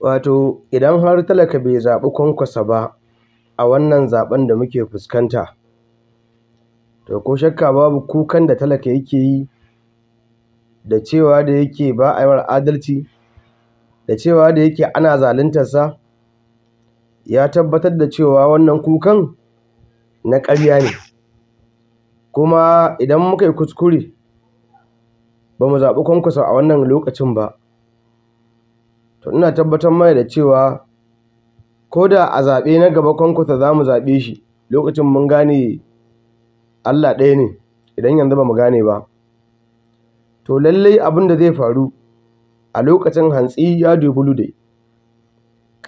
Wato idan har talaka bai zaɓi kwankwasa ba a wannan zaɓen da muke fuskanta, to ko shakka babu kukan da talaka yake yi da cewa da yake ba a yi adalci, da cewa da yake ana zaluntarsa, ya tabbatar da cewa wannan kukan na ƙarya ne. Kuma idan muka yi kuskure ba mu zaɓi kwankwasa a wannan lokacin ba, to ina tabbatar mai da cewa ko da a zaɓe na gaba kwankwata za mu zaɓe shi lokacin mun gane Allah ɗaya ne idan yanzu ba mu gane ba to lallai abin da zai faru a lokacin hantsi ya dubi lude,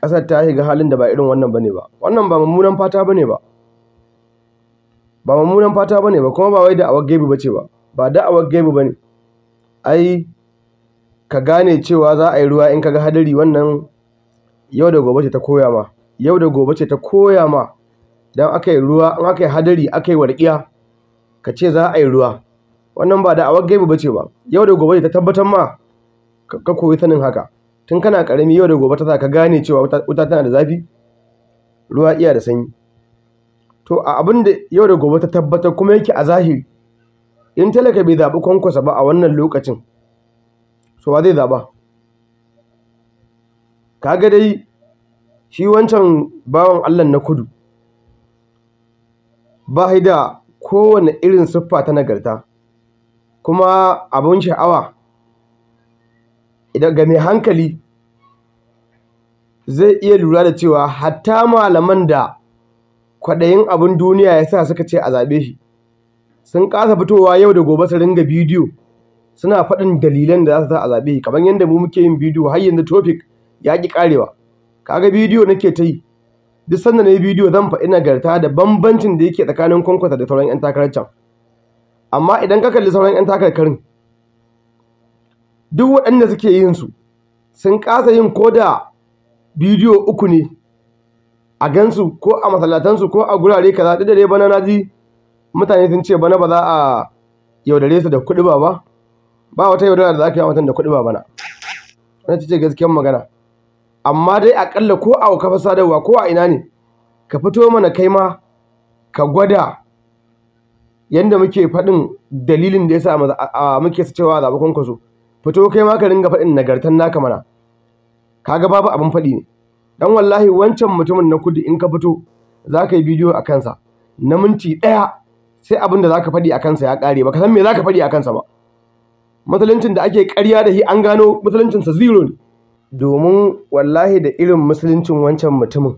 ƙasar ta shiga halin da ba irin wannan ba ne ba wannan ba mummunan fata ba ne ba ba mummunan fata ba ne ba kuma ba wai da awar ba ce ba ba da awar ba ne. ai ka gane cewa za a yi ruwa in ka ga hadari wannan yau da gobe ce ta koya ma yau da gobe ce ta koya ma idan aka yi ruwa in aka yi hadari aka yi warkiya ka ce za a yi ruwa wannan ba awar gaibu ba ce ba yau da gobe ta tabbatar ma ka koyi sanin haka tun kana ƙarami yau da gobe ta ka gane cewa wuta tana da zafi ruwa iya da sanyi to a abin da yau da gobe ta tabbatar kuma yake a zahiri in talaka bai zaɓi kwankwasa ba a wannan lokacin to ba zai zaɓa kaga dai shi wancan bawan Allah na kudu ba shi da kowane irin siffa ta nagarta kuma abin sha'awa idan game hankali zai iya lura da cewa hatta malaman da kwaɗayin abin duniya ya sa suka ce a zaɓe shi sun ƙasa fitowa yau da gobe su ringa bidiyo suna faɗin dalilan da za su a zaɓe kamar yadda mu muke yin bidiyo har yanzu topic ya ƙi ƙarewa kaga bidiyo nake ta yi duk sanda na yi bidiyo zan faɗi nagarta da bambancin da yake tsakanin kwankwasa da sauran 'yan takarar can amma idan ka kalli sauran 'yan takarkarin duk waɗanda suke yin su sun kasa yin ko da bidiyo uku ne a gansu ko a masallatansu ko a gurare kaza duk da dai bana na ji mutane sun ce bana ba za a yaudare su da kuɗi ba ba ba wata yaudara da za ka yi mutum da kuɗi ba bana wani ce gaskiyar magana amma dai aƙalla ko a kafa sadarwa ko a ina ne ka fito mana kai ma ka gwada yadda muke faɗin dalilin da ya sa muke su cewa zaɓi kwankwaso fito kai ma ka ringa faɗin nagartan naka mana kaga babu abin faɗi ne dan wallahi wancan mutumin na kudi in ka fito za ka yi bidiyo a kansa na minti ɗaya sai abin da za ka faɗi a kansa ya ƙare ba ka san me za ka faɗi a kansa ba musuluncin da ake ƙarya da shi an gano musuluncinsa zero ne domin wallahi da irin musuluncin wancan mutumin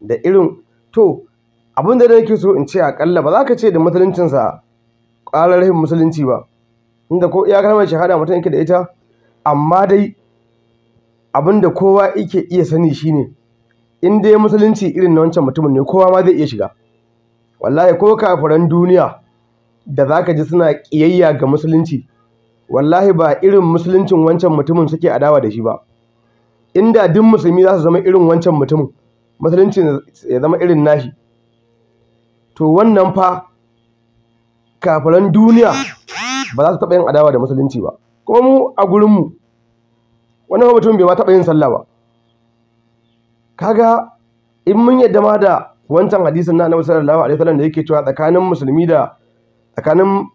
da irin to abin da nake so in ce akalla ba za ka ce da musuluncinsa ƙarar rahin musulunci ba inda ko iya kalmar shahada mutum yake da ita amma dai abin da kowa yake iya sani shine in dai musulunci irin na wancan mutumin ne kowa ma zai iya shiga wallahi ko kafiran duniya da za ka ji suna ƙiyayya ga musulunci wallahi ba irin musuluncin wancan mutumin suke adawa da shi ba inda duk musulmi za su zama irin wancan mutumin musuluncin ya zama irin nashi to wannan fa kafiran duniya ba za su taɓa yin adawa da musulunci ba kuma mu a gurinmu wani mutum bai ma taɓa yin sallah ba kaga in mun yadda ma da wancan hadisin na annabi sallallahu alaihi wasallam da yake cewa tsakanin musulmi da tsakanin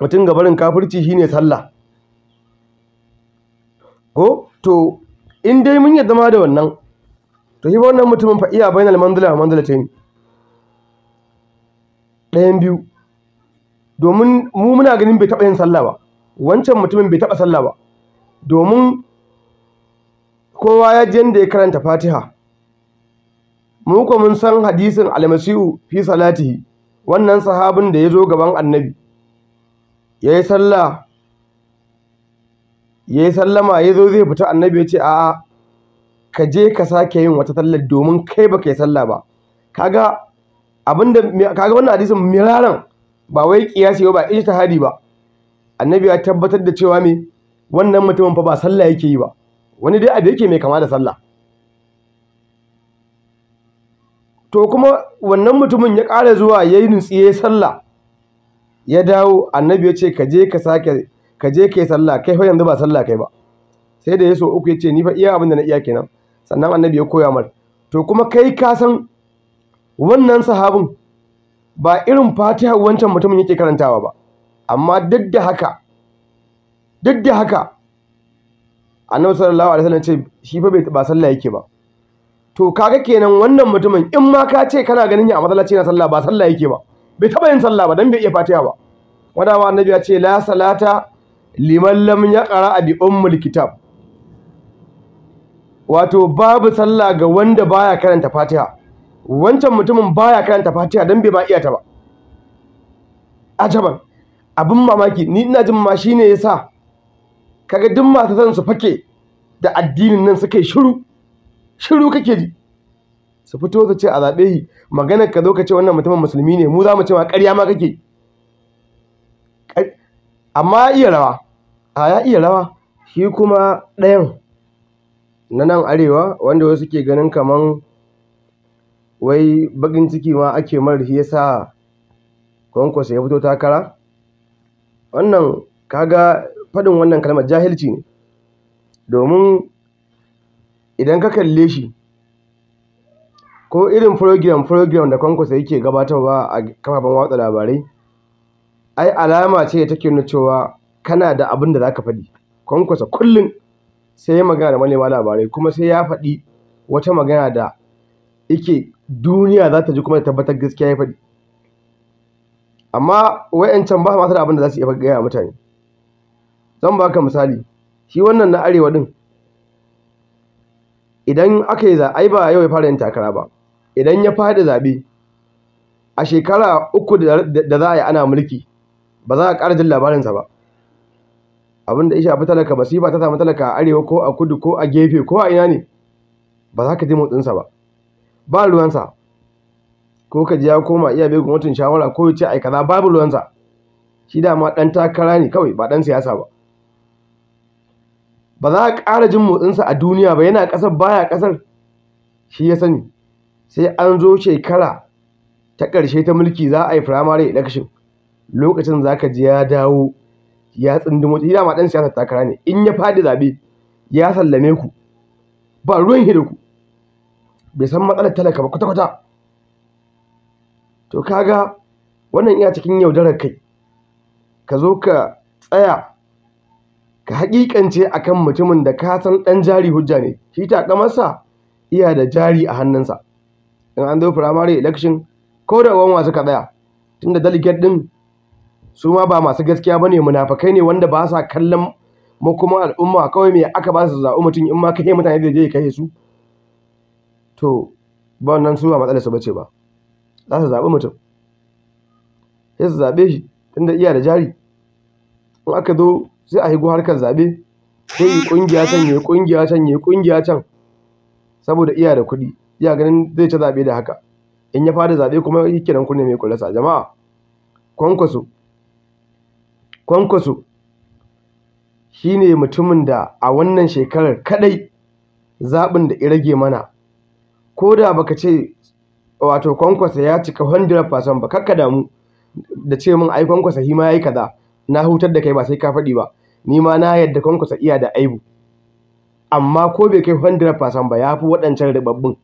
mutum gabarin barin kafirci shine sallah ko to in dai mun yadda ma da wannan to shi wannan mutumin fa iya bainal manzila wa manzila ne ɗayan biyu domin mu muna ganin bai taɓa yin sallah ba wancan mutumin bai taɓa sallah ba domin kowa ya ji yadda ya karanta fatiha mu kuma mun san hadisin almasihu fi salatihi wannan sahabin da ya zo gaban annabi ya yi sallah ya yi sallama ya zo zai fita annabi ya ce a'a ka je ka sake yin wata sallar domin kai baka yi sallah ba kaga abinda kaga wannan hadisin miraran ba wai kiyasi ba ba ijtihadi ba annabi ya tabbatar da cewa me wannan mutumin fa ba sallah yake yi ba wani dai abu yake mai kama da sallah to kuma wannan mutumin ya ƙara zuwa ya yi nutsi ya yi sallah ya dawo annabi ya ce ka je ka sake kai sallah kai fa yanzu ba sallah kai ba sai da ya so uku ya ce ni fa iya abin da na iya kenan sannan annabi ya koya mar to kuma kai ka san wannan sahabin ba irin fatiha wancan mutumin yake karantawa ba amma duk da haka duk da haka annabi sallallahu alaihi wasallam ce shi fa ba sallah yake ba to kaga kenan wannan mutumin in ma ka ce kana ganin ya a masallaci na sallah ba sallah yake ba bai taba yin sallah ba dan bai iya fatiha ba ma annabi ya ce la salata liman lam yaqra bi ummul kitab wato babu sallah ga wanda baya karanta fatiha wancan mutumin baya karanta fatiha dan bai ba iya ta ba ajaban abin mamaki ni ina jin ma shine yasa kaga duk masu son su fake da addinin nan suka yi shiru shiru kake ji su fito su ce a zaɓe shi maganar ka zo ka ce wannan mutumin musulmi ne mu za mu ce ma ƙarya ma kake amma iya rawa a ya iya rawa shi kuma ɗayan na nan arewa wanda wasu ke ganin kaman wai baƙin ciki ma ake mara shi yasa kwankwasa ya fito takara wannan kaga faɗin wannan kalmar jahilci ne domin idan ka kalle shi ko irin program-program da kwankwasa yake gabatarwa a kafafen watsa labarai, ai alama ce da take nuna cewa kana da abin da za ka faɗi. kwankwasa kullum sai ya magana da manema labarai kuma sai ya faɗi wata magana da yake duniya za ta ji kuma da tabbatar gaskiya ya faɗi. Amma waƴancan ba ma da abin da za su iya gaya mutane. Zan baka misali, shi wannan na Arewa din. idan aka yi ai ba yau ya fara yin takara ba. idan ya fadi zaɓe a shekara uku da za a yi ana mulki ba za a ƙara jin labarinsa ba abinda da ya shafi talaka masifa ta samu talaka a arewa ko a kudu ko a gefe ko a ina ne ba za ka ji motsinsa ba ba ruwansa ko ka ji ya koma iya bai gwamnatin shawara ko yace ce za kaza babu ruwansa shi dama ɗan takara ne kawai ba ɗan siyasa ba ba za a ƙara jin motsinsa a duniya ba yana ƙasar baya ƙasar shi ya sani sai an zo shekara ta ƙarshe ta mulki za a yi firamare election lokacin za ka ji ya dawo ya tsindimo ila ma ɗan siyasar takara ne in ya fadi zaɓe ya sallame ku ba ruwan hira ku bai san matsalar talaka ba kwata-kwata to kaga wannan iya cikin yaudarar kai ka zo ka tsaya ka haƙiƙance kan mutumin da ka san ɗan jari hujja ne shi ta iya da jari a hannunsa in an zo firamare election ko da uwan wasu kaɗaya tsaya tunda delegate ɗin su ma ba masu gaskiya ba ne munafakai ne wanda ba sa kallon kuma al'umma kawai me aka ba su zaɓi mutum in ma kai mutane da zai kai su to ba wannan su ba matsalar su bace ba za su zaɓi mutum sai su zaɓe shi tunda iya da jari in aka zo sai a higo harkar zaɓe sai yi ƙungiya can yi ƙungiya can yi ƙungiya can saboda iya da kuɗi ya ganin zai ci zaɓe da haka in ya fada zaɓe kuma yi kiran kunne mai kulasa jama'a kwankwaso kwankwaso shi ne mutumin da a wannan shekarar kaɗai zaɓin da ya rage mana ko da baka ce wato kwankwasa ya cika 100% ba kakka damu da ce min ai kwankwasa hima ya yi kaza na hutar da kai ba sai ka faɗi ba ni ma na yadda kwankwasa iya da aibu amma ko bai kai 100% ba ya fi waɗancan ribabbin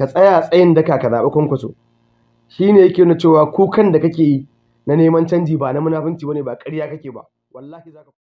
ka tsaya tsayin daka ka zaɓi Kwankwaso shi ne yake nuna cewa kukan da kake yi na neman canji ba na munafunci ba ne ba ƙarya kake ba wallahi za